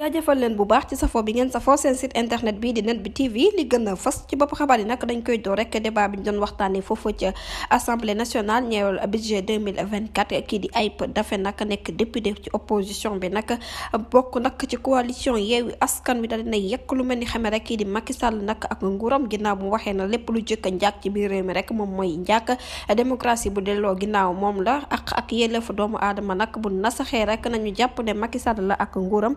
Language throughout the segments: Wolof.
jaajëfal leen bu baax ci safoo bi ngeen safoo seen site internet bi di net bi tv li gën a fas ci bopp xabaar yi nag dañ koy door rek débat bi ñu doon waxtaanee foofu ca assemblée nationale ñeewal budget 2024 kii di Ayib Daffé nag nekk député ci opposition bi nag bokk nag ci coalition Yewwi Askan Wi daal dina yekk lu mel ni xamee rek kii di Macky Sall nag ak nguuram ginnaaw bu waxee na lépp lu jëkk a njaag ci biir réew mi rek moom mooy njaag démocratie bu delloo ginnaaw moom la ak ak yelleefu doomu aadama nag bu nasaxee rek nañu jàpp ne Macky Sall la ak nguuram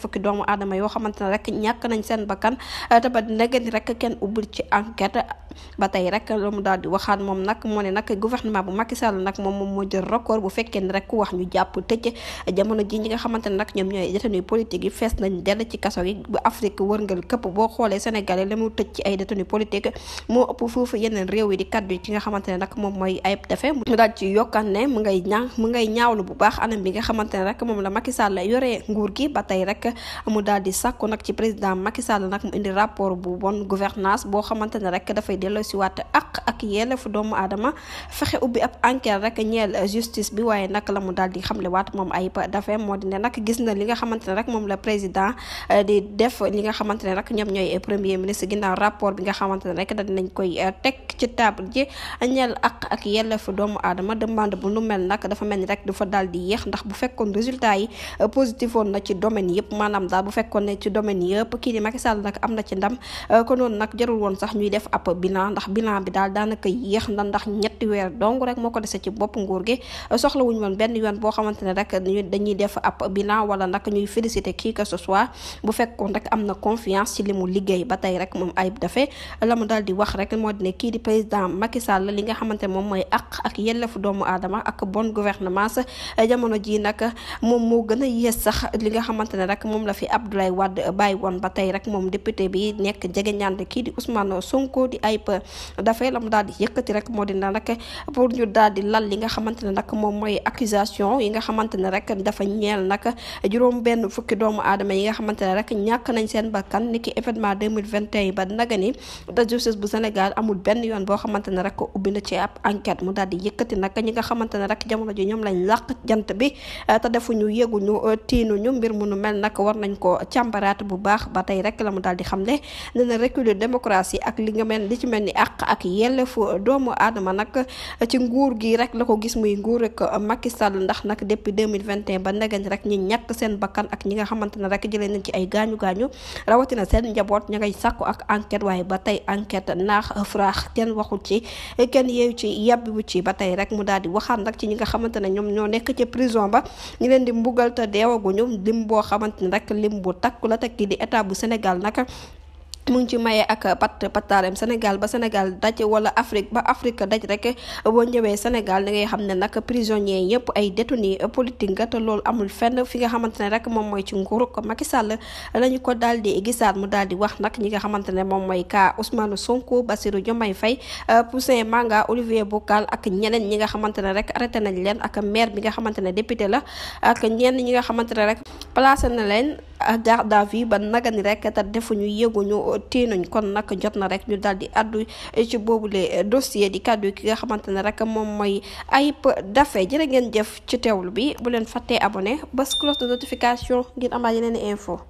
fukki doomu aadama yoo xamante ne rek ñàkk nañ seen bakkan eh, te ba negeen rek kenn ubbil ci enquête ba tey rek lu mu daal di waxaat moom nag moo ne nag gouvernement bu Macky Sall nag moom moom moo jël record bu fekkee ne rek wax ñu jàpp tëj jamono ji ñi nga xamante ne nag ñoom ñooy détenu politique yi fees nañ dell ci kaso yi bu Afrique wërngal këpp boo xoolee Sénégal yi la mu tëj ci ay détenu politique moo ëpp foofu yeneen réew yi di kaddu yi ki nga xamante ne nag moom mooy ayib defe mu daal ci yokkaan ne mu ngay ñaaw mu ñaawlu bu baax anam bi nga xamante ne rek moom la Macky Sall yoree nguur gi ba tey rek rek mu daal di sàkku nag ci président Macky Sall nag mu indi rapport bu bon gouvernance boo xamante ne rek dafay delloo si waat ak ak fu doomu aadama fexe ubbi ab enquête rek ñeel justice bi waaye nag la mu daal di xamle waat moom ayib dafay moo di ne nag gis na li nga xamante ne rek moom la président eh, di def li nga xamante ne rek ñoom ñooy premier ministre ginnaaw rapport bi nga xamante ne rek dinañ koy eh, teg ci table ji ñeel ak ak yelleefu doomu aadama demande bu nu mel nag dafa mel ni rek du daal di yéex ndax bu fekkoon résultat yi eh, positifoon na ci domaine yëpp. maanaam daal bu fekkoon ne ci domaine yëpp kii di Macky Sall nag am na euh, ko noonu nag jarul woon sax ñuy def ab euh, boo xamante ne rek dañuy def ab bilan wala nag ñuy féliciter kii que ce soit li ba tey rek moom ayib la mu daal di wax rek moo di ne kii di li nga xamante ne moom mooy àq ak yellefu doomu aadama ak bonne gouvernance euh, jamono ji nag moom moo gën a yées sax li nga xamante ne rek moom la fi Abdoulaye Wade bàyyi woon ba tey rek moom député bi nekk jege ñaande kii di Ousmane Sonko di ayib dafay la mu daal yëkkati rek moo di na nag pour di lal li nga xamante ne nag moom mooy accusation yi nga xamante ne rek dafa ñeel nag juróom benn fukki doomu aadama yi nga xamante ne rek ñàkk nañ seen bakkan ni ki événement 2021 ba naga ni da justice bu Sénégal amul benn yoon boo xamante ne rek ubbi na ci ab enquête mu daal di yëkkati nag ñi nga xamante ne rek jamono ji ñoom lañ làq jant bi te defuñu yëguñu tiinuñu mbir mu nu mel nag nag war nañ ko càmbaraat bu baax ba tey rek la mu daal di xam ne dina reculer démocratie ak li nga mel li ci mel ni àq ak yelleefu doomu adama nag ci nguur gi rek la ko gis muy nguur rek Macky Sall ndax nag depuis 2021 ba negani rek ñi ñàkk seen bakkan ak ñi nga xamante rek jëlee nañ ci ay gaañu gaañu seen njaboot ña ngay sàkku ak enquête waaye ba tey enquête naax fraax kenn waxul ci kenn yeewu ci yàbbiwu ci ba tey rek mu daal di waxaat nag ci ñi nga xamante ne ñoom ñoo nekk ci prison ba ñu leen di mbugal te deewaguñu lim boo xamante xam ne nag lim bu takku la kii di état bu Sénégal nag mu ngi ci maye ak pat pataareem Sénégal ba Sénégal daj wala Afrique ba Afrique daj rek boo ñëwee Sénégal da ngay xam ne nag prisonniers yëpp ay détenus politique nga te loolu amul fenn fi nga xamante ne rek moom mooy ci nguurug Macky Sall lañu ko daal di gisaat mu daal di wax nag ñi nga xamante ne moom mooy ka Ousmane Sonko Bassirou Diomaye Faye euh, Poussin Manga Olivier Boucal ak ñeneen ñi nga xamante ne rek arrêté nañ leen ak maire bi nga xamante ne député la ak ñenn ñi nga xamante ne rek placé na leen garde à vue ba nagani rek te defuñu yëguñu. ko téenañ kon nag jot na rek ñu daal di addu ci boobule dossier di kàddu ki nga xamante ne rek moom mooy Ayib Daffé jërë ngeen jëf ci teewlu bi bu leen fàttee abonné bés cloche de notification ngir amaat yeneen info